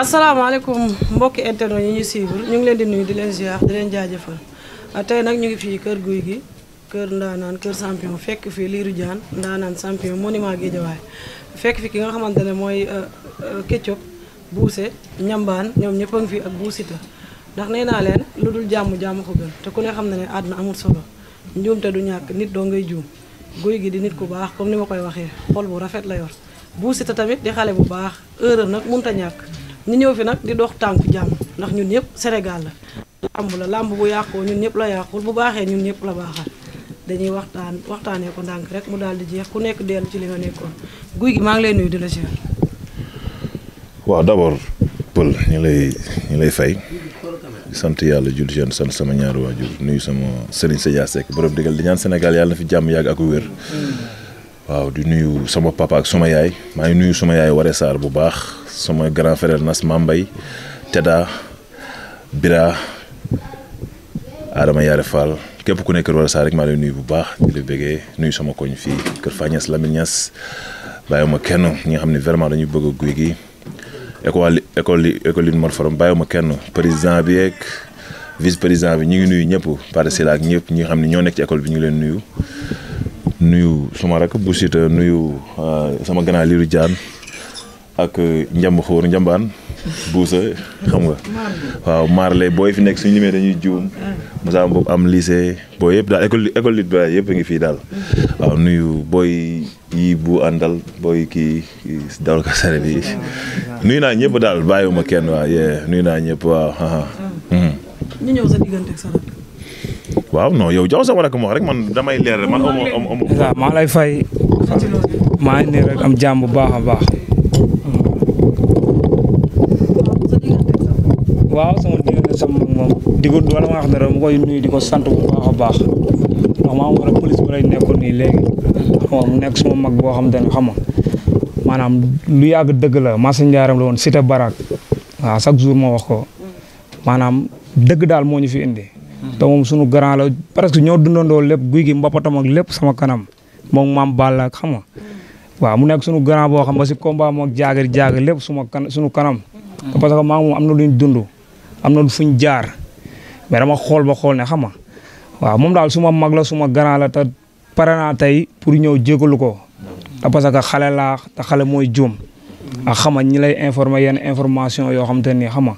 asalaamaaleykum mbokki internet yi ñu suivre ñu ngi leen di nuyu di leen ziar di leen jaajëfal ah, tey nag ñu ngi fii kër guy gi kër ndaanaan kër champion fekk fii Lirou Diane ndaanaan champion monument Guédiawaye fekk fi ki nga xamante ne mooy euh, euh, Ketchup buuse ñambaan ñoom ñëpp a ngi fi ak buusita ndax nee naa leen lu dul jàmm jàmm ko gën te ku ne xam na ne àdduna amul solo njuumte du ñàkk nit doo ngay juum guy gi di nit ku baax comme ni ma koy waxee xol bu rafet la yor buusita tamit di xale bu baax erreur nag mënut a ñàkk ñu ñëw fi nag di dox tànk jàmm ndax ñun ñëpp senegal la làmb la làmb bu yàqoo ñun ñëpp la yàqul bu baaxee ñun ñëpp la baaxal dañuy waxtaan waxtaanee ko ndànk rek mu daal di jeex ku nekk dellu ci li nga nekkoon guy gi maa ngi lay nuyu di la ziar. waaw d'abord pël ñu lay ñu lay fay sant yàlla julli jeune sant sama ñaari waajur nuyu sama Serigne Sadia Seck borom digal di senegal yàlla na fi jàmm yàgg ak wér. waaw di nuyu sama papa ak sama yaay maa ngi nuyu sama yaay Waré Sarr bu baax sama grand frère Nas Mambay Teda Bira Adama Yare Fall képp ku nekk Kër Waré Sarr rek maa lay nuyu bu baax di la bëggee nuyu sama koñ fii Kër Fañas Lamine Niass bàyyiwuma kenn ñi xam ne vraiment dañu bëgg guy gi école école école yi Mor Faram bàyyiwuma kenn président bi yeeg vice président bi ñu ngi nuyu ñëpp par si la ñi nga xam ne ñoo nekk ci école bi ñu leen nuyu. nuyu suma rakk bu Siteu nuyu euh, sama grand Lirou Diane ak njamb xóor njambaan buusa xam nga waaw Marley booy fi nekk suñu limee dañuy juum Moussa boobu am lycée booy yëpp daal école école lit ba a ngi fii daal waaw nuyu booy yi bu àndal booy kii dawal ka sare nuyu naa ñëpp daal ma kenn waaw yee nuyu naa ñëpp waaw waaw non yow jox war a ko wax rek man damay leer man. waaw maa lay fay. maa nii rek am jàmm bu baax a baax. waaw sama diggante sama moom di ko sant bu baax a baax ndax maa nii mu nekk suma mag boo xam te ne xam maanaam lu yàgg dëgg la Massa Ndiarème la woon cité Barak waaw chaque jour ma wax ko maanaam dëgg daal moo ñu fi indi. te moom sunu grand la presque ñoo dundandoo lépp guy gi mbapatam ak lépp sama kanam moom maam Balla ak xam nga waaw mu nekk sunu grand boo xam ba si combat moom jaagir jaagir lépp suma kan sunu kanam. parce que maa am na lu ñu dund am na fu ñu jaar mais ma xool ba xool ne xam nga waaw moom daal suma mag la suma grand la te pare naa tey pour ñëw jégalu ko. te parce que xale laa te xale mooy juum. a xam nga ñi lay informer yenn information yoo xam te ni xam nga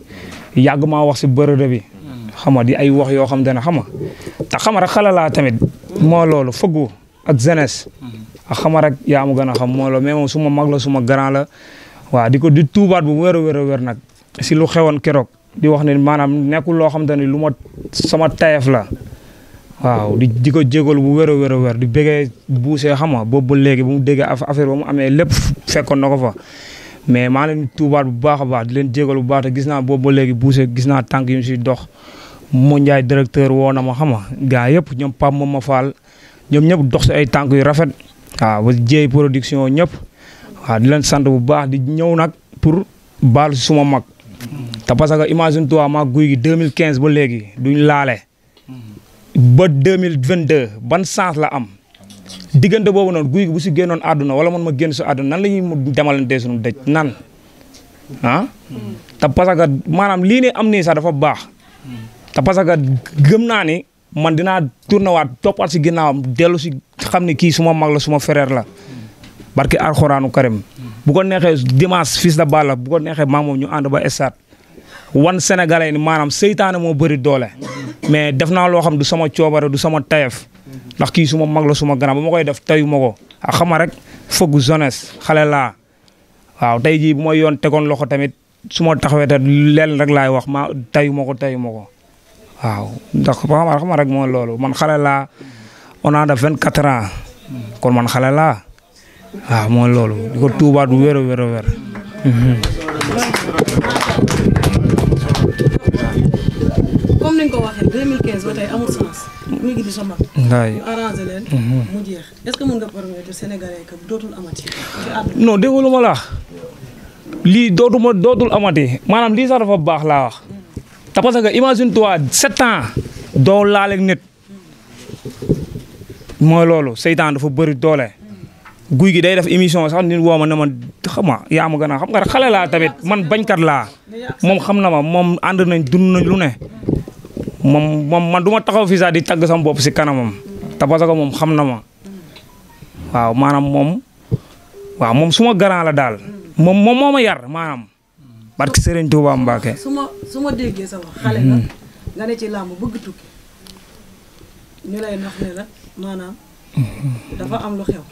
yàgg maa wax si bërëb bi. xam nga di ay wax yoo xam dana xam nga te xam rek xalalaa tamit moo loolu fëggu ak jeunesse mm-hmm. ak xam rek yaa ma gën xam moo loolu mais moom suma mag la suma grand la waaw di ko di tuubaat bu wér a wér a wér nag si lu xewoon keroog di wax ne maanaam nekkul loo xam te lu ma sama tayef la waaw di di ko bu wér a wér a wér di bëggee buusee xam nga boobu ba léegi bu mu déggee affaire ba mu amee lépp fekkoon na ko fa mais maa leen tuubaat bu baax a baax di leen jégalu bu baax te gis naa boobu ba léegi buusee gis naa tànk yu mu si dox mu Ndiaye woo na ma xam nga gars yëpp ñoom Pape Mama Fall ñoom ñëpp dox si ay tànk yu rafet waaw ba production ñëpp waaw di leen sant bu baax di ñëw nag pour baal suma mag. te parce que imagine toi maa guy gi 2015 ba léegi duñ laale. ba 2022 ban chance la am. diggante boobu noonu guy bu si génnoon àdduna wala man ma génn su àdduna nan la ñuy demalantee suñu dëj nan ah. Hmm. te parce que maanaam lii ne am nii sax dafa baax. te parce que gëm naa ni man dinaa tourné waat toppaat si ginnaawam dellu si xam ne kii suma mag la suma frère la barki alxuraanu karim bu ko neexee dimanche fils de Balla bu ko neexee maa moom ñu ànd ba stade wan sénégalais ni maanaam seytaane moo bëri doole mais def naa loo xam du sama coobare du sama tayef ndax kii suma mag la suma gannaaw ba ma koy def tayu ma ko a ah, xama rek fëggu jeunesse xale laa waaw tey jii bu ma yoon tegoon loxo tamit su ma taxawee te lenn rek laay wax ma tayu ma ko tayu waaw ndax xamal rek mooy loolu man xale laa on vingt quatre ans kon man xale laa waaw mooy loolu di ko tuubaat bu wér a wér a wér. Mhm. Mhm. amati. lii dootuma dootul amati maanaam lii sax dafa baax laa wax. te parce que imagine toi sept ans doo laaleeg nit mooy loolu seytaan dafa bëri doole. guy gi day def émission sax nit woo ma ne ma xam ma yaa xam nga xale laa tamit man bañkat laa moom xam na ma moom ànd nañ dund nañ lu ne. moom moom man duma taxaw fiisa di tagg sama bopp si kanamam te parce que moom xam na ma waaw maanaam moom waaw moom suma grand la daal moom moom moo ma yar barke Serigne Touba su ma su ma déggee sa wax. xale nga nga ne ci làmb bëgg tukki ñu lay nax ne la maanaam. dafa am lu xew.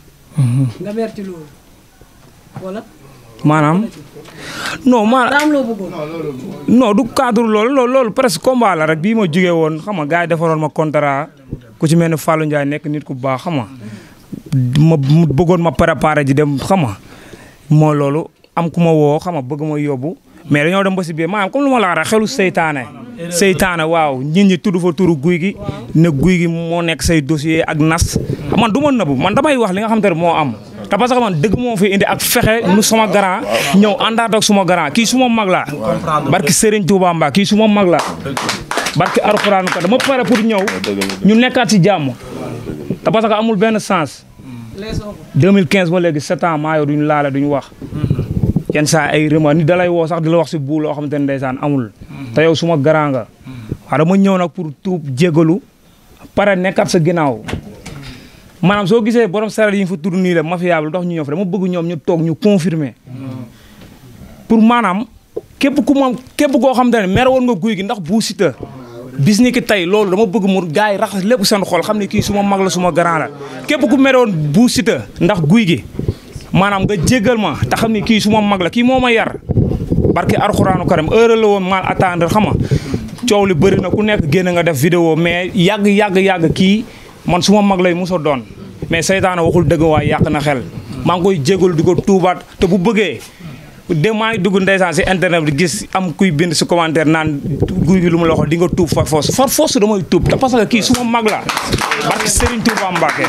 nga mer ci loolu wala. maanaam non maanaam non du cadre loolu loolu loolu presque la rek bii ma jugee woon xam nga gars yi defaroon ma contrat ku ci mel ni Fallou nekk nit ku baax xam ma bëggoon ma préparer ji dem xam nga moo loolu am ku ma woo xam bëgg ma yóbbu mais dañoo dem ba si biir maanaam comme lu ma la wax xelu seytaane seytaane waaw ñii ñi tudd fa turu guy gi ne guy gi moo nekk say dossier ak nas man du ma nëbu man damay wax li nga xam te ne moo am te parce que man dëgg moo fi indi ak fexe nu sama grand ñëw àndaat ak suma grand kii suma mag la barki Serigne Touba Mba kii suma mag la barki Alxuraan ko dama pare pour ñëw ñu nekkaat si jàmm te parce que amul benn sens 2015 ba léegi sept ans maa yow duñu laale duñu wax yenn saa ay rëma ni dalay woo sax di la wax si bu loo xamante ne ndeysaan amul. Mhm. te yow suma grand nga. Mhm. waaw dama ñëw nag pour tuub jégalu pare nekkat sa ginnaaw. Mhm. maanaam soo gisee borom sareet yi ñu fa tudd nii la mafia bi dox ñu ñëw fa dama bëgg ñoom ñu toog ñu confirmer pour maanaam képp ku moom képp koo xam ne mer woon nga guy gi ndax bu sita bis ni ki tey loolu dama bëgg mu gars yi raxas lépp seen xol xam ne kii suma mag la suma grand la képp ku mer woon bu sita ndax guy gi maanaam nga jéggal ma te xam ni kii suma mag la kii moo ma yar barke arxuraanu karam heure la woon mal attendre xam nga coow li bëri na ku nekk génn nga def vidéo mais yàgg yàgg yàgg kii man suma mag lay mos doon mais seytaane waxul dëgg waaye yàq na xel maa ngi koy jégalu di ko tuubaat te bu bëggee. de dugg ndeysaan si internet bi gis am kuy bind si commentaire naan guy gi lu mu loxo di nga tuub far force far force damay tuub te parce que kii suma mag la barke Serigne Touba Mbacke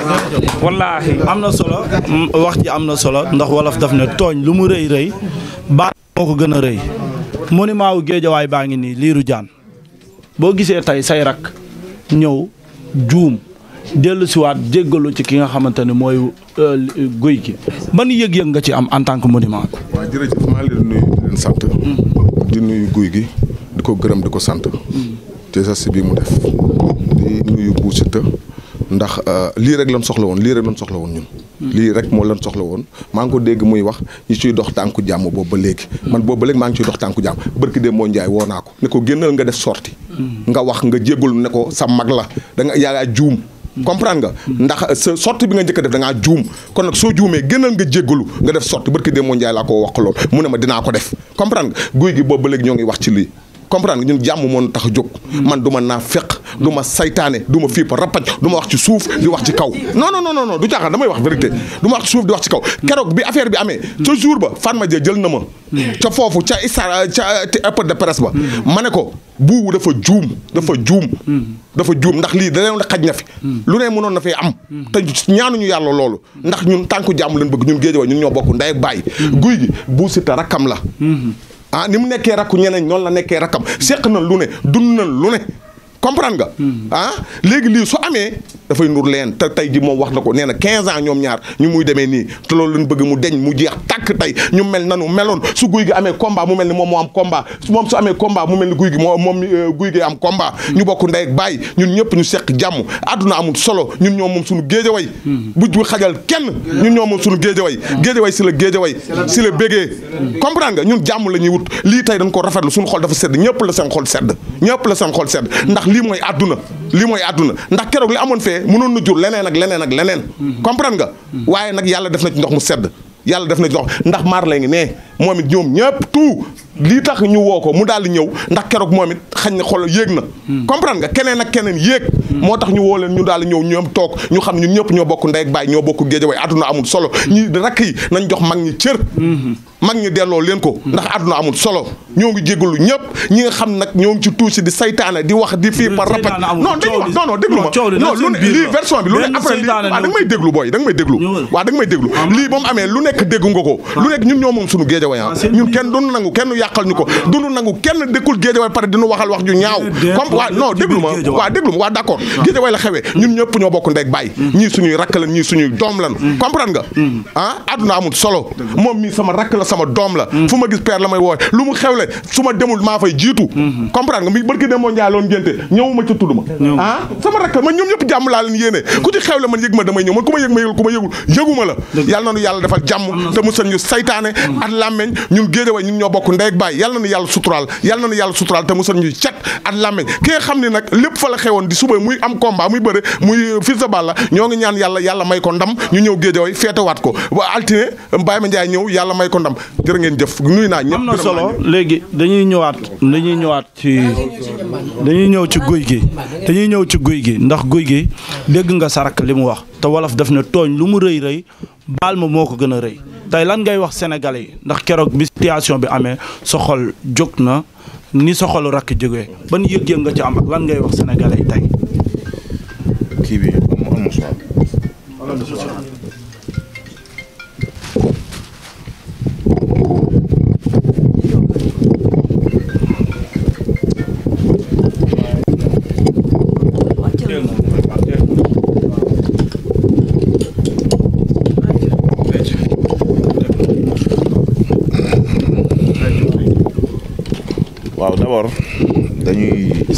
wallaahi am na solo mm, wax ji am na solo ndax wolof daf na tooñ lu mu rëy rëy baat moo ko gën a rëy monument wu géejawaay baa ngi nii liiru jaan boo gisee tey say rak ñëw juum dellu siwaat jéggalu ci ki nga xamante ne mooy euh, guy gi man yëg-yëg nga ci am en tant que monument bi. waaw jërëjëf maa di sant. Mm-hmm. di nuyu guy gi di ko gërëm di ko sant. Mm-hmm. te sa si bii mu def di nuyu Bou Siteu ndax euh, lii rek lan soxla woon lii rek lan soxla woon ñun. Mm-hmm. lii rek moo lan soxla woon maa ngi ko dégg muy wax ñi ciy dox tànku jàmm boobu ba léegi. man boobu ba léegi maa ngi ciy dox tànku jàmm barki de moo Ndiaye woo naa ko ne ko génnal nga def sorti nga wax nga jégalu ne ko sa mag la da nga yaa juum. comprendre nga ndax sotti bi nga njëkk def dangaa juum kon nag soo juumee gënal nga jéggalu nga def sotti barki dee moo njaay laa ko wax lool mu ne ma dinaa ko def comprendre nga guy gi boobu ba léegi ñoo ngi wax ci lii comprendre nga ñun jàmm moo tax a jóg. man du ma naa feq du ma saytaane du ma fii pa rappaj du ma wax ci suuf di wax ci kaw non non non non du caaxaan damay wax vérité du ma wax ci suuf di wax ci kaw keroog bi affaire bi amee ca jour ba Fatma Dia jël na ma. ca foofu ca ISRA ca ëpp de presse ba. ma ne ko buubu dafa juum dafa juum. dafa juum ndax lii da leen xaj na fi. lu ne mënoon na fee am. te ñu yàlla loolu. ndax ñun tànku jàmm leen bëgg ñun géej wa ñun ñoo bokk ndey ak baay. guy gi buusita rakkam la. ah ni mu nekkee rakku ñeneen noonu la nekkee rakkam seq na lu ne dund na lu ne comprendre nga. Hmm. ah léegi lii su amee dafay nur leen te tey ji moom wax na ko nee na 15 ans ñoom ñaar ñu muy demee nii te loolu lañ bëgg mu deñ mu jeex tàkk tey ñu mel na nu meloon su guy gi amee combat mu mel ni moom moo am combat moom su amee combat mu mel ni guy gi moo moom euh, guy gi am combat. Hmm. ñu bokk ndey ak baay ñun ñëpp ñu seq jàmm àdduna amul solo ñun ñoo moom suñu géejaway. Hmm. bu bu xajal kenn ñun ñoo moom suñu géejaway. géejaway si la géejaway si la bégee. comprendre nga ñun jàmm la ñuy wut lii tey dañ ko rafetlu suñu xol dafa sedd ñëpp la seen xol sedd ñëpp la seen xol sedd ndax lii mooy àdduna lii mooy àdduna ndax keroog li amoon fee mënoon na jur leneen ak leneen ak leneen comprendre nga waaye nag yàlla def na ci ndox mu sedd yàlla def na ci ndox ndax maar la nga ne moom it ñoom ñëpp tout lii tax ñu woo ko mu daal di ñëw ndax keroog moom it xañ na xol yéeg na. Hmm. comprendre nga keneen ak keneen yéeg. Hmm. moo tax ñu woo leen ñu daal di ñëw ñoom toog ñu xam ñun ñëpp ñoo bokk ndey ak ñoo bokk géej way àdduna amul solo. Hmm. ñi rakk yi nañ jox mag ñi mag ñi delloo leen ko. ndax àdduna amul solo. ñoo ngi jégalu nag ñoo ngi ci tuuti di saytaane di wax di. fii par rapport non dañu wax non non déglu ma. lu lii version bi lu ne après lii ba mu amee lu nekk dégg nga ko. Ah. lu nekk ñun ñoo moom suñu géejawaay ah. Ah, ñun kenn doon nangu kenn yàqal ñu ko duñu nangu kenn dëkkul géejawaay pare diñu waxal wax ju ñaaw comme la xewee ñun ñëpp ñoo bokk ndeg bàyyi mm. ñii suñuy rakk lan ñii suñuy doom lan mm. nga mm. ah àdduna solo moom mii sama rakk la sama doom la fu ma gis père la may wooye lu mu xewle su ma demul maa fay jiitu mm-hmm. comprendre nga mi barki de moo njaaloon ngénte ñëwuma ca tudd ah, sama rakk la man ñoom ñëpp jàmm laa leen yéene ku ci xewle man yëg ma damay ñëw man ku ma yëg ma yëgul ku la yàlla nanu yàlla defal jàmm te musal ñu saytaane at làmmeñ ñun géejawaay ak baay yàlla na yàlla suturaal yàlla na yàlla suturaal te musal ñuy cat ak làmmeñ ki xam ni nag lépp fa la xewoon di suba muy am combat muy bëre muy euh, Fils de la ñoo ngi ñaan yàlla yàlla may ko ndam ñu ñëw géejawaay feetewaat ko waa altine Baye Mandiaye ñëw yàlla may ko ndam jërë ngeen jëf nuyu naa ñëpp am na solo léegi dañuy ñëwaat dañuy ñëwaat ci dañuy ñëw ci guy gi dañuy ñëw ci guy gi ndax guy gi dégg nga sarak li mu wax te wolof daf ne tooñ lu mu rëy rëy baal ma moo ko gën a rëy tey lan ngay wax sénégalais yi ndax keroog bi situation bi amee sa xol jóg na ni sa xolu rakk jógee ban yëg-yëg nga ci am lan ngay wax sénégalais yi tey. kii bi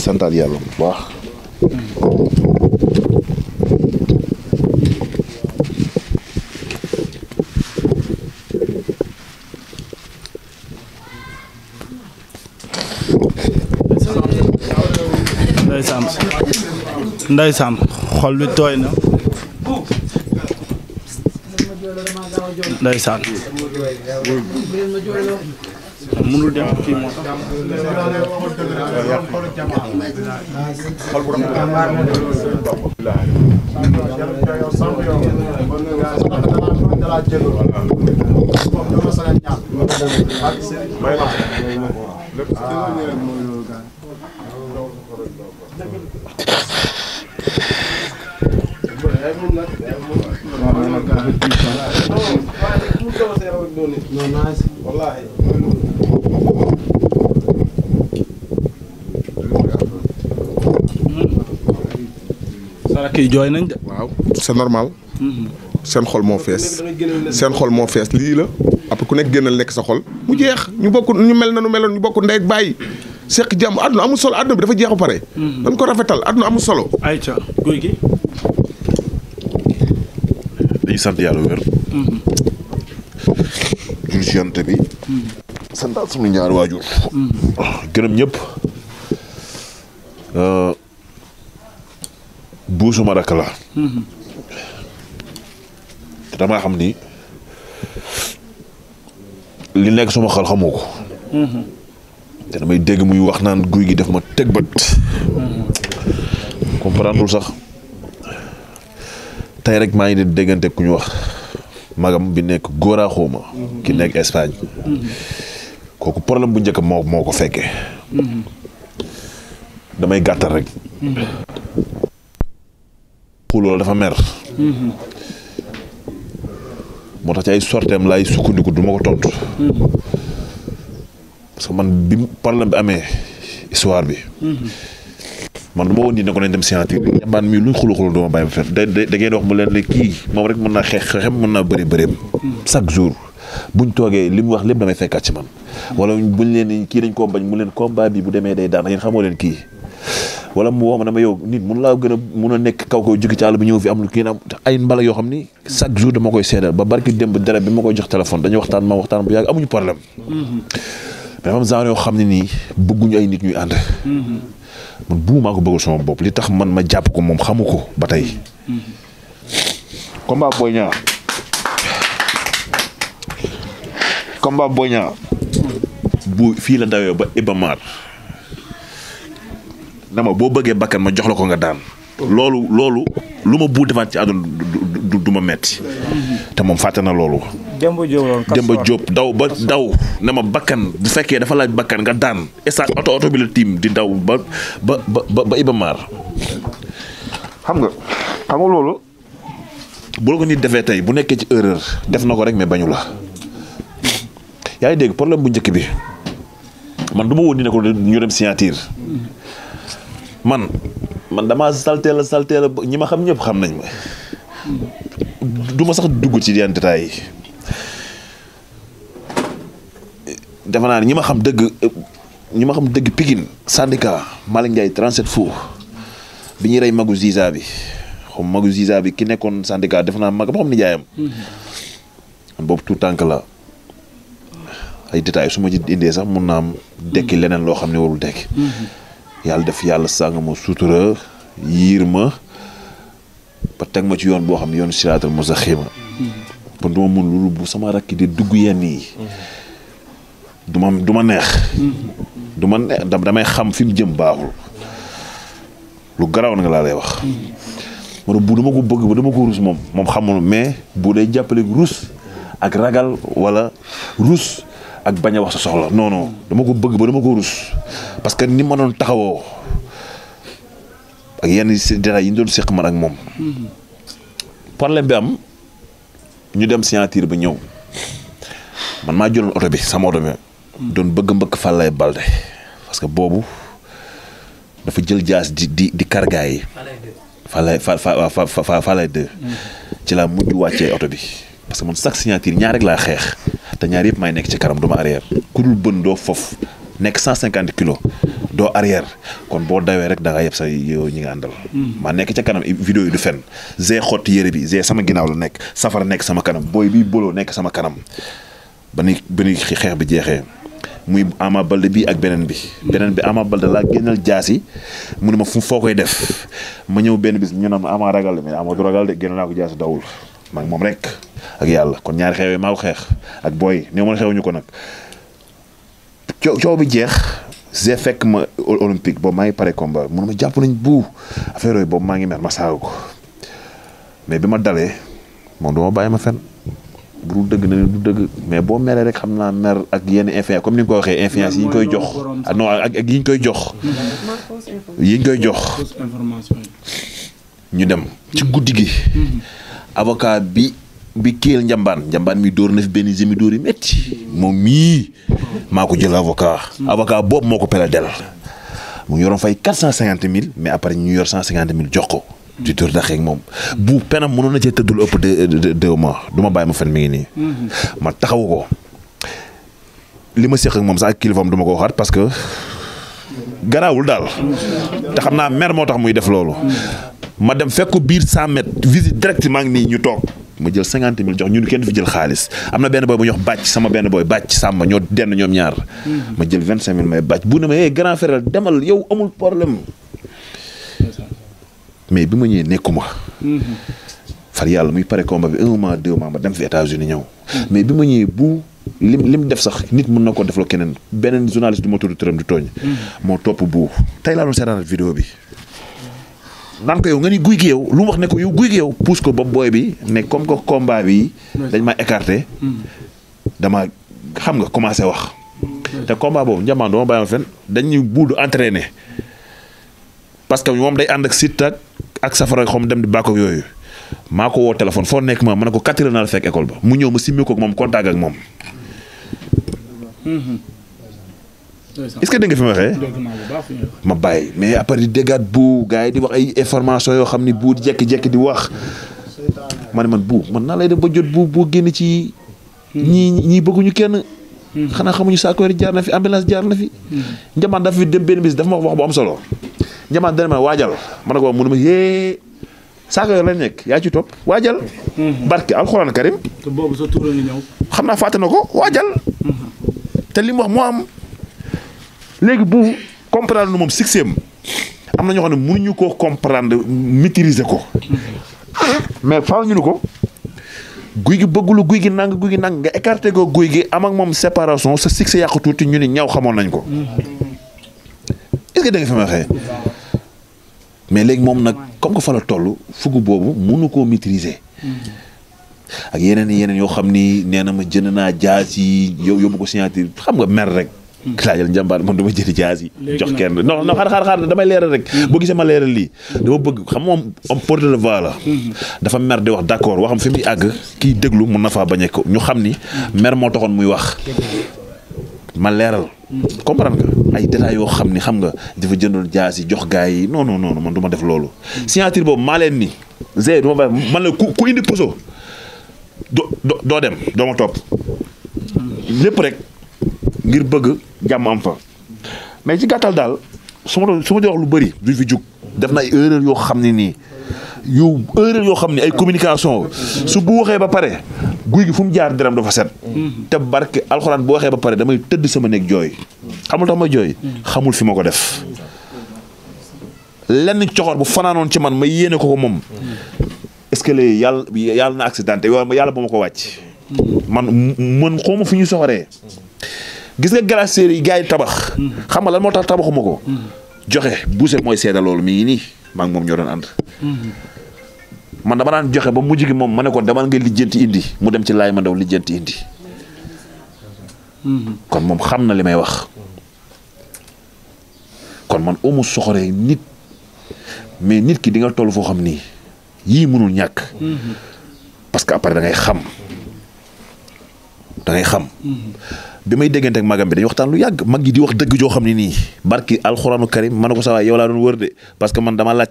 santaat yàlla bu xol bi tooy na ndeysaan mënul dem kii moo tax. xol bu rafet. rakk jooy nañ de. waaw c'est normal. Mhm. seen xol moo fees seen xol moo fees lii la après ku nekk génnal nekk sa xol mu jeex ñu bokk ñu mel na nu meloon ñu bokk ndey ak bàyyi seq jàmm àdduna amul solo àdduna bi dafa jeex ba pare. Mhm. dañ ko rafetal àdduna amu solo. ayca guy gi. dañuy sant yàlla wér. Mhm. jur bi. santaat sunu ñaari waajur. gërëm ñëpp. Euh, buusuma rakk la te damaa xam ni li nekk suma xel xamoo ko te damay dégg muy wax naan guy gi def ma teg bët comprendrewul sax tey rek maa ngi de déggante ku ñu wax magam bi nekk góoraa xooma ki nekk Espagne kooku problème bu njëkka moo moo ko fekkee damay gàttal rek xuloo dafa mer. moo tax ci ay sorteem laay sukkandiku du ma ko tontu. parce que man bi problème bi amee histoire bi. man du ma woon nii ne ko nañ dem scientifique bi. ñambaan mii luñ xuloo xuloo du bàyyi ba fenn da da ngeen wax mu leen ne kii moom rek mën naa xeex xeexam mën naa bëri bëreem. chaque jour buñ toogee li mu wax lépp damay fekkaat ci man. wala buñ leen kii dañ koo bañ mu leen combat bi bu demee day daan yéen xamoo leen kii. wala mu woo ma ne yow nit mun laa gën a mun a nekk kaw kaw jóge ci bi ñëw fi am lu kii am ay mbala yoo xam ni chaque jour dama koy seedal ba barki démb dara bi ma koy jox téléphone dañuy waxtaan ma waxtaan bu yàgg amuñu problème mais yoo xam ne nii bëgguñu ay nit ñuy ànd man bu maa li tax man ma jàpp ko moom xamu ko ba tey combat Boy Niang bu fii la dawee ba Ibamar na ma boo bëggee bakkan ma jox la ko nga daan. loolu loolu lu ma buur defaat ci àdduna du ma metti te moom fàtte na loolu. Demba Diop Demba Diop daw ba daw na ma bakkan bu fekkee dafa laaj bakkan nga daan estaat oto oto bi la tiim di daw ba ba ba ba xam nga xam nga loolu. bu la ko nit defee tey bu nekkee ci erreur def na ko rek mais bañu la. yaa ngi dégg problème bu njëkk bi man du ma woon ko ñu dem signature. man man dama salteel a salteel ñi ma xam ñëpp xam nañ ma du ma sax dugg ci yenn détails yi defe naa ne ñi ma xam dëgg ñi ma xam dëgg Pikine syndicat Malick Ndiaye 37 fou bi ñuy rey magu Ziza bi xaw magu Ziza bi ki nekkoon sandika defe naa mag ba xam ni jaayam mhm. boobu tout tànk la ay détails su ma ji indee sax mun naa am dekki leneen loo xam ne warul dekk mhm. yàlla def yàlla sàng ma sutura yiir ma ba teg ma ci yoon boo xam ne yoon siraatal mustaqiima kon duma mun loolu bu sama rakk di dugg yenn yi du ma neex duma neex damay xam fi mu jëm baaxul lu garaaw nga laa lay wax man bu dama ko bëgg ba dama ko ruus moom moom xamul mais bu day jàppale ruus ak ragal walla ruus ak bañ a wax sa soxla noonu dama ko bëgg ba dama ko rus parce que ni ma doon taxawoo ak yenn détails yi ñu doon séq man ak moom mm-hmm. problème bi am ñu dem signature ba ñëw man maa jëloon oto bi sama oto bi mm-hmm. doon bëgg mbëkk Falaye Balde parce que boobu dafa jël jaas di di di kargaay yi Falaye mm-hmm. ci laa mujj wàccee oto bi parce que man chaque signature ñaar rek laa xeex te ñaar yëpp may nekk ci kanam du ma arrière ku dul bën doo fof nekk 150 kilos doo arrière kon boo dawee rek da nga yeb sa yow ñi àndal. Hmm. maa nekk ca kanam vidéo yi du fen xotti yére bi sama ginnaaw la nekk safara nekk sama kanam booy bi boloo nekk sama kanam ba ni ba ni xeex bi jeexee muy Ama Baldé bi ak beneen bi. Hmm. beneen bi Ama Baldé laa génnal jaas yi mu ne ma fu foo koy def ma ñëw benn bis ñu ne ma Ama ragal mais Ama du ragal de génn naa ko jaas maak moom rek ak yàlla kon ñaari xew yi maa xeex ak booy néew ma xewuñu ko nag coow bi jeex je fekk ma olympique boobu maa ngi pare combat mun ma jàpp nañ bu affaire yooyu boobu maa ngi mer ma saaga ko mais bi ma dalee moom doo ma bàyyi ma fen bu dul dëgg na du dëgg mais boo meree rek xam naa mer ak yenn influence comme ni nga ko waxee influence yi ñu koy jox ah, ak non ak yi ñu koy jox yi ñu koy jox ñu dem ci guddi gi mm-hmm. avocat bi bi kiil njambaan njambaan mi dóor na fi benn zimi dóor yi métti moom mii maa ko jël avocat avocat boobu moo ko pela del mu ngi yoroon fay quatre cent cinquante mille mais après ñu yor cent cinquante mille jox ko di dóor daxeeg moom bu penam mënoon na cee tëddul ëpp de deux mois du ma bàyyi ma fen mi ngi nii ma taxawu ko li ma séq ak moom sax ak kilifaam du ma ko parce que garaawul daal te xam naa mer moo tax muy def loolu ma dem fekk biir 100 mètres visite directement nii ñu toog ma jël 50 000 jox ñu kenn du fi jël xaalis am na benn boy bu ñuy wax bàcc sama benn booy bàcc sàmm ñoo denn ñoom ñaar. Hmm. ma jël 25 000 may bàcc bu ne ma eh grand frère demal yow amul problème. mais bi ma ñëwee nekkuma. Hmm. far yàlla muy pare combat bi un mois deux mois ma dem fi États-Unis ñëw. Hmm. mais bi ma ñëwee bu lim lim def sax nit mën na ko defloo keneen beneen journaliste du ma tudd turam du tooñ. moo topp bu tey laa doon seetaan vidéo bi. naan ko yow nga ni guy gi yow lu mu wax ne ko yow guy gi yow pousse ko ba booy bi ne comme que combat bi dañ ma écarté hmm. dama xam nga commencé wax hmm. te combat boobu njamaan dama bàyyoon fen dañuy buudu entraîné parce que moom day ànd ak Siteu ak safara xom dem di bàkkoog yooyu maa ko woo téléphone foo nekk ma ma ne ko quatre heures naa la fekk école ba mu ñëw ma simmi ko ak moom contact ak moom hmm. est-ce que da nga fi ma waxee. ma bàyyi mais après di déggaat bu gars yi di wax ay information yoo xam ni bu jekki-jekki di wax ma ne man bu man naa lay def ba jot bu bu génn ci. ñi ñii bëgguñu kenn. xanaa xamuñu saako weer jaar na fi ambulance jaar na fi. njamaan dafa fi dem benn bis dafa ma wax bu am solo. njamaan dana ma waajal ma ne ko mënuma yee saako weer lañ nekk yaa ci topp waajal. barke alxuraan karim. te boobu sa tur la xam naa fàtte na ko waajal. te li wax moo am. léegi bu comprendre nu moom succès am am na ñoo xam ne mënuñu koo comprendre maîtriser ko mais faaw ñu ni ko guy gi bëggulu guy gi nang guy gi nang nga écarté ko guy gi am ak moom séparation sa succès yàqu tuuti ñu ni ñaw xamoon nañ ko est-ce que da waxee mais léegi moom nag comme que fa la toll fugu boobu mënu koo maîtriser ak yeneen yeneen yoo xam ni nee na ma jënd naa jaas yi yow yóbbu ko signature xam nga mer rek laajal njàmbaar man du ma jëli jaas yi jox kenn non non xaar xaar xaar damay leeral rek mm-hmm. boo gisee ma leeral lii dama bëgg xam moom am porte de voix la mm-hmm. dafa mer di wax d'accord waxam fi muy àgg kii déglu mun na faa bañee ko ñu xam ni mm-hmm. mer moo taxoon muy wax ma leeral comprendre nga ay détails xam ni xam nga dafa jëndoon jaas yi jox gaa yi non non man du def loolu signature boobu maa ni g du ma ba man la ku indi poso doo doo dem doo ma topp lépp rek ngir bëgg jàmm am fa mais ci gàttal daal su ma doon su ma doon lu bari duñ fi jug def na ay erreur yoo xam ne nii yow erreur yoo xam ne ay communication su bu waxee ba pare guy gi fu mu jaar deram dafa set. te bark alxuraan bu waxee ba pare damay tëdd sama néeg jooy xamul tax ma jooy xamul fi ma ko def lenn coxor bu fanaanoon ci man ma yéene ko ko moom est-ce que léegi yàlla yàlla na accidenté yàlla ba ma ko wàcc man man xaw ma fu ñu soxoree gis nga gracier yi gars yi tabax. Hmm. xam nga lan moo tax tabaxuma ko. Hmm. joxe buuse mooy seeda loolu mii nii maa ngi moom ñoo doon ànd. Hmm. man dama daan joxe ba mu gi moom ma ne ko dama ngay lijjanti indi mu dem ci laay ma ndaw lijjanti indi. kon moom xam na li may wax. kon man amu soxoree nit mais nit ki di nga toll foo xam nii yii mënul ñàkk. parce que après da ngay xam da xam. bi may déggante ak magam bi dañuy waxtaan wax dëgg joo xam ne nii barki alxuraanu karim man ko sa waay yow laa doon wër de parce que ma man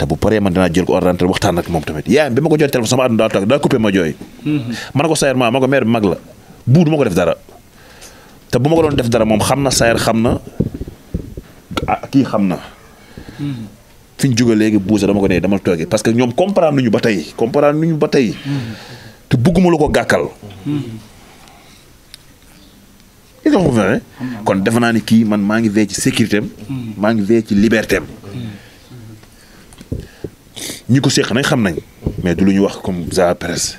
bu paree man dinaa jël ko ordinateur waxtaan ak moom tamit yaayam bi ma ko jot téléphone sama àdduna daa toog daa coupé ma jooy mhm. man ko sayer mag la buu du ma ko def dara te bu ma ko doon def dara moom xam na sayer xam na ah, kii xam na mhm. fi ñu jóge léegi buusa dama ko ne dama toogee parce que ñoom comprendre ñu ba tey comprendre nañu ba tey mhm. te bëgguma la ko gàkkal. kon defe naa ni kii man maa ngi vee ci sécurité maa ngi vee ci liberté am. ñi ko seq nañ xam nañ. mais du lu ñu wax comme ça presse.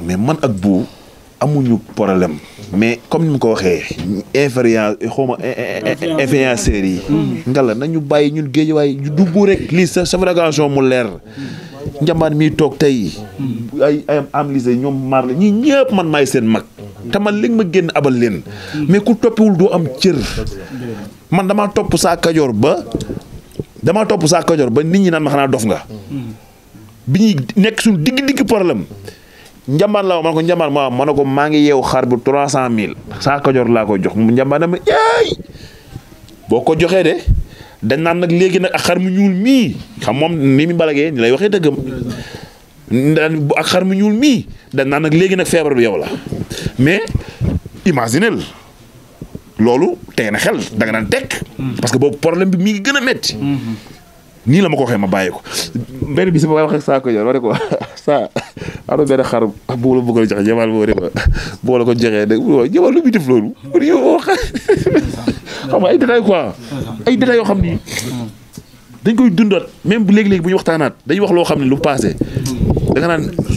mais man ak bu amuñu poroblème mais comme ni mu ko waxee. influence xaw ma influenceurs yi. Mm. nga la nañu bàyyi ñun géej waaye du bu rek lii sa sa mu leer. njambaan miy toog tey ay ay am lisé ñoom maar la ñii ñëpp man maay seen mag te man léegi ma génn abal leen mais ku toppiwul doo am cër man damaa topp saa kajoor ba damaa topp saa kajoor ba nit ñi naan ma xanaa dof nga bi ñuy nekk suñu digg digg problème njambaan la ma ne ko njambaan ma ma ne ko maa ngi yeew xar bu trois cent mille saa kajoor laa ko jox mu njambaan boo ko joxee de dañ naan nag léegi nag ak xar mu ñuul mii xam moom ni mi mbalagee ni lay waxee dëggam daan ak xar mu ñuul mii dañ naan nag léegi nag feebar bi yow la mais imaginel loolu tey na xel da nga daan tekk parce que boobu problème bi mi gën a métti mm-hmm. nii la ma ko waxee ma bàyyi ko bi si wax ak saako yor war ko saa am na xar bu la bugg joxe jamal moo ne ma boo la ko joxee nag lu muy def loolu. pour ay détails yoo xam ni dañ koy dundaat même bu léegi bu ñu waxtaanaat dañuy wax loo xam ne lu passé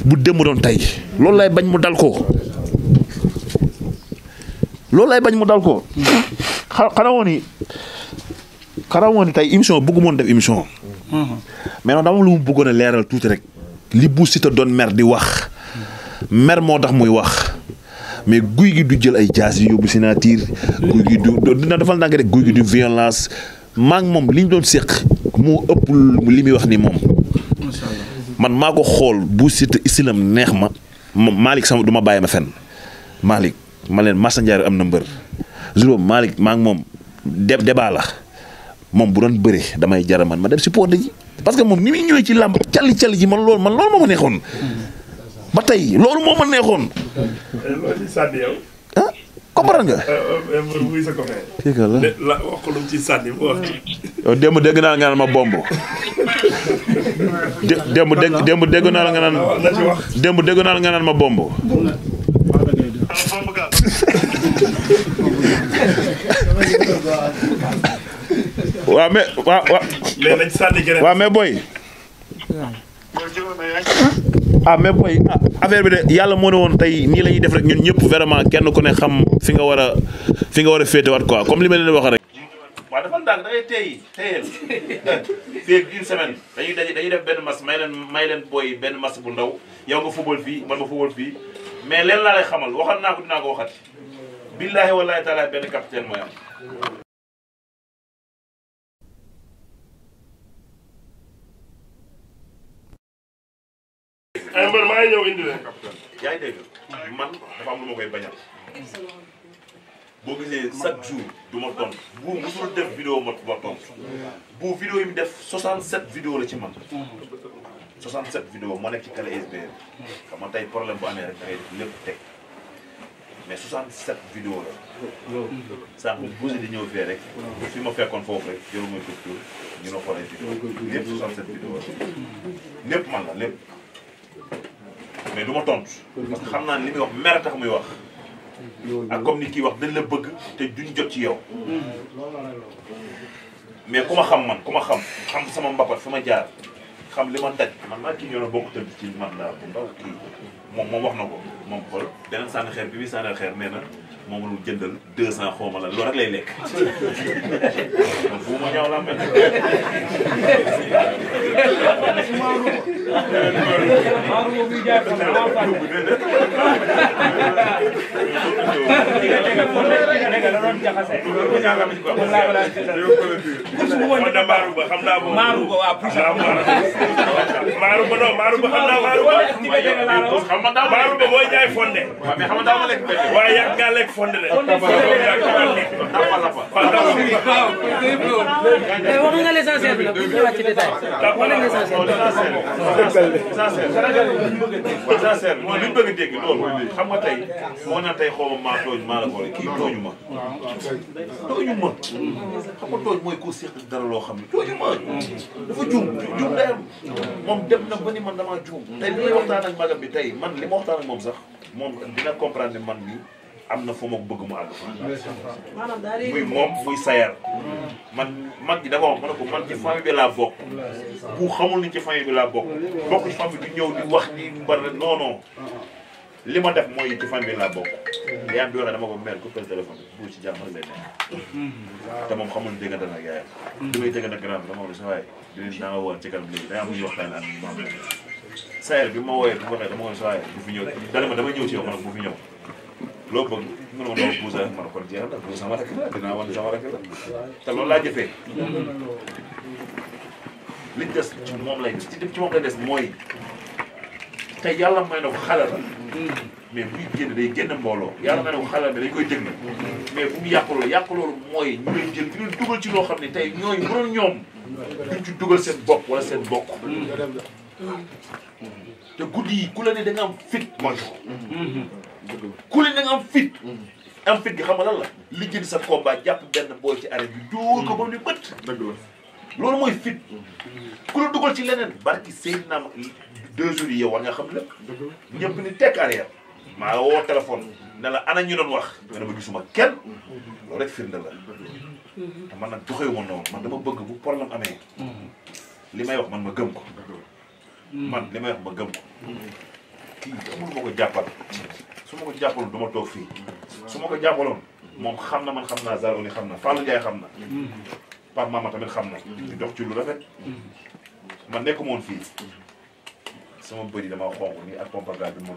bu démb tey loolu lay bañ mu dal ko. loolu bañ mu dal ko. xa xanaa woon ni xanaa woon ni tey émission bëggu moon def mm-hmm. mais noonu dama lu mu bëggoon a leeral tuuti rek. li bu sita doon mer di wax mer moo tax muy wax mais guy gi du jël ay jaas yi yóbbu signature guy gi du dina defal naa rek guy gi du violence maa moom li ñu doon séq moo ëpp li muy wax ni moom man maa ko xool bu Siteu istilam neex ma Malick sama du ma bàyyi ma fenn Malick ma leen Massa Ndiaye am na mbër jour boobu Malick maa ngi moom de débat la moom bu doon bëre damay jara man ma dem supporter ji parce que moom ni muy ñëwee ci làmb calli calli ji man loolu man loolu moo ma neexoon. ba tey loolu moo ma neexoon. loolu ah, euh, euh, euh, la la wax ko dégg naa la nga naan ma bomb. dé démb dégg démb dégg naa la ah, dégg naa la nga naan ma bomb. Ah, waaw mais waaw waaw. waaw mais booy ah mais boy ah, affaire bi de yàlla moo ne woon tey nii la ñuy def rek ñun ñëpp vraiment kenn ku ne xam fi nga war a fi nga war a féetewaat quoi comme li ma leen wax rek. waaw dafa ndànk da ngay téye téyeel fii def benn match may leen may leen booy benn match bu ndaw yow nga football fii man ma football fii mais leen laa lay xamal waxal naa ko dinaa ko waxat billaahi wallaahi taala benn capitaine mooy am ay mbër maa man lu ma koy bañal. boo gisee chaque jour du ma tontu bu musul def vidéo ma ma bu vidéo yi mu def 67 vidéo la ci man 67 vidéo moo nekk ci télé SBR xam nga tey problème bu amee rek da ngay teg mais 67 vidéo la sànq buse di ñëw fee rek fi ma fekkoon foofu rek mooy docteur ñu na xoolee vidéo lépp 67 vidéo la lépp man la lépp mais du ma tont xam naa ne li muy wax mer tax muy wax. ak comme ni kii wax dañ la bëgg te duñ jot ci yow. mais ku ma xam man ku ma xam xam sama mbapat fi ma jaar xam li ma daj man maa kii ñoo na bokk tëdd ci man laa bu ndaw kii moom moom wax na ko moom xool beneen sànni xeer bi bi sànni xeer nee na. moom lu jëndal deux cent xooma la loolu rek lay lekk bu ma ñaaw la mel maaru ba xam naa ko maaru ba waaw maaru ba non maaru ba xam naa ko maaru ba mooy jaay fonde waaye yàgg nga lekk fonde de. waaw wax nga l'essentiel bi nag bu ñu ñëwaat ci détail. wax nga l'essentiel bi. l'essentiel bi li ñu bëgg a dégg loolu xam nga tey moo naan tey xaw ma maa tooñ maa la boole kii tooñu ma. tooñu ma. xam nga tooñ mooy ko séq dara loo xam ne tooñu ma. dafa juum juum day am. moom dem na ba ni man damaa juum. tey bi may waxtaan ak magam bi tey man li ma waxtaan ak moom sax moom dina comprendre ne man mii. am na fu ma bëgg mu àgg fa muy moom muy sayar man mag ji dafa wax ma ne ko man ci famille bi laa bokk bu xamul ni ci famille bi laa bokk bokk ci ñëw di wax di mbar non li ma def mooy ci famille bi laa bokk yaayam bi waxee dama ko mel ko pel téléphone bu ci jàmm rek lay nekk te moom xamul nag yaayam li may déggante grand dama wax sa waaye dinañ naa woon ci kanam léegi day sayar bi ma wooyee bi ma waxee dama ko sa bu fi ñëw dana ma dama ñëw ci yow loo bëgg mën ma noo buusa man kon jeex na buusa ma rek la dinaa wan sama la loolu ci moom ci ci des mooy te yàlla may na ko xale la mais buy génn day génn mbooloo yàlla may na ko xale dañ koy déglu mais bu mu yàqu loolu yàqu loolu mooy ñu lay jël di leen dugal ci loo xam ne te ñooñu bu doon ñoom duñ ci dugal seen bopp wala seen bokk mm. te guddi ku la ne da fit moytu ku li na nga am fit am fit gi xam nga lan la li jënd sa combat jàpp benn booy ci arène bi dóor ko ba mu ne bët loolu mooy fit ku la dugal ci leneen barki seen naam deux jours yi yow war nga xam lépp ñëpp ni tekk arrière maa woo téléphone ne la ana ñu doon wax nga ne ma gisuma kenn loolu rek firnde la te man nag doxewu noonu man dama bëgg bu problème amee li may wax man ma gëm ko man li may wax ma gëm ko kii amul ma ko jàppal su ma ko jàppaloon du ma toog fii su ma ko jàppaloon moom xam na man xam naa Zaro ni xam na Fallou Ndiaye xam na Pape ma tamit xam na di dox ci lu rafet nekku moon fii sama bëri dama xonq nii ak pompaga bi ma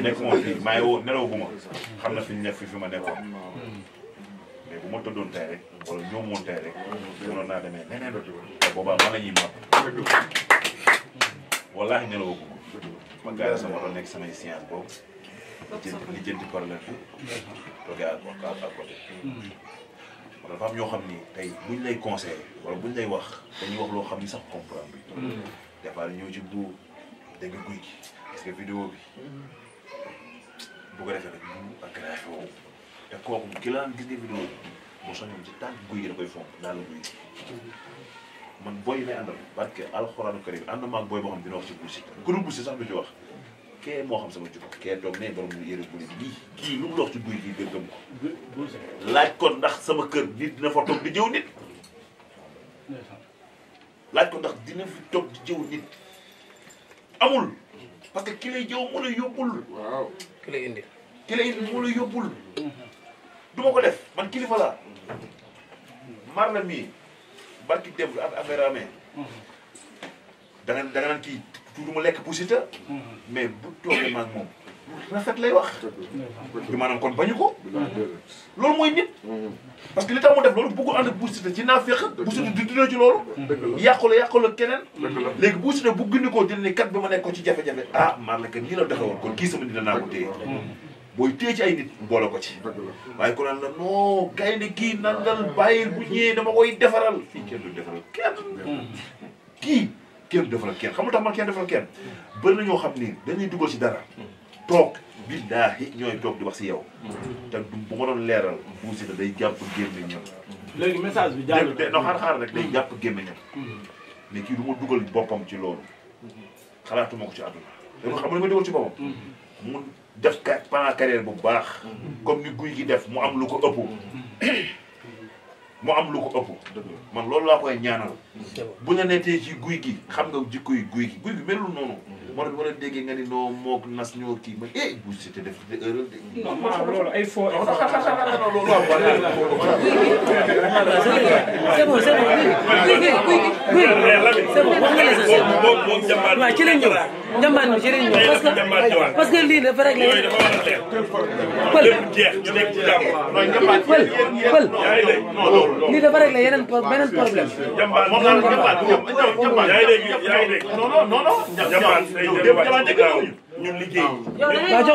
nekk moo tax ma xam na fii maa ngi nelaw bu xam na fi ñu nekk fi fi ma nekkoon mais bu ma tëddoon tey rek naa demee neneen te boobaa man la ñuy màpp nelaw bu ma gaare sama oto nekk samay science boobu. li jënd problème bi. toogee ak ak ak côté. Hmm. wala dafa am ñoo xam ni tey buñ lay conseillé wala buñ lay wax dañuy wax loo xam ni sax comprendre bi. Hmm. des fois ñëw ci bu dégg guy gi parce que vidéo bi hmm. bu ko defee rek bu aggravé woo te kooku ki la gis nga vidéo bi mu soññoon ci tànk guy gi da koy fomp daal la guy man booy yi may àndal barke alxuraanu karim booy boo xam dina wax ci Boury Sy ku dul Boury sax du ci wax kee moo xam sama jikko kee toog ne borom mu yëre Boury lii kii lu mu la wax ci Boury kii dëgg ko laaj ko ndax sama kër nit dina foo toog di jëw nit ko ndax dina fi toog di jëw amul parce que ki lay jëw moo la yóbbul waaw indi ki indi moo la yóbbul mm-hmm. du ma ko def man kilifa mar la mii barki démb ak affaire amee. Mhm. da nga da nga naan kii tuuti mu lekk bu Siteu. Mhm. mais bu toogee maag moom. rafet lay wax. du maanaam kon bañu ko. loolu mooy nit. Mhm. parce que li tax mu def loolu bëggu ànd ak Bou Siteu ci naa féq Bou Siteu di dina ci loolu. yàqula yàqula keneen. léegi Bou Siteu bu gindi koo dina ne kat bi ma nekk ko ci jafe-jafe ah maa la nii la doxewoon kon kii sama dina naa ko téye. booy téye ci ay nit boole ko ci waaye ku naan la non gaynde kii nandal bàyyil bu ñëwee dama koy defaral fii kenn du defaral kenn kii kenn defaral kenn xam nga tax man kenn defaral kenn bëri na ñoo xam ni dañuy dugal ci dara toog daa billaahi ñooy toog di wax si yow te bu ma doon leeral buusi day jàpp gémmiñam léegi message bi jàll de no xaar day jàpp gémmiñam mais hmm. kii du ma dugal boppam ci loolu xalaatuma ko ci àdduna dama xam ne ma dugal ci boppam hmm. def kat pendant carrière bu baax. comme ni guy gi def mu am lu ko ëpp. mu am lu ko ëpp. man loolu laa koy ñaanal. bu nga nettee ci guy gi xam nga jikko yi guy gi guy gi melul noonu. moo a bu la nga ni noo moog nas ñoo kii ma eh bu si te def de heure de. non non loolu ay fo ay fo. c'est bon c'est bon guy gi guy gi guy gi c'est bon wax nga la sa c'est bon waaw ci lañ ñëw njàmbaar bi jërëjëf parce que parce que lii dafa rek la yooyu dafa war a leer. pël jeex ñu nekk ci jàmm. pël pël lii dafa rek la yeneen beneen problème. jàmbaar moom daal jàmbaar jàmbaar yaa ngi dégg yaa ngi dégg non non non jàmbaar ñun liggéey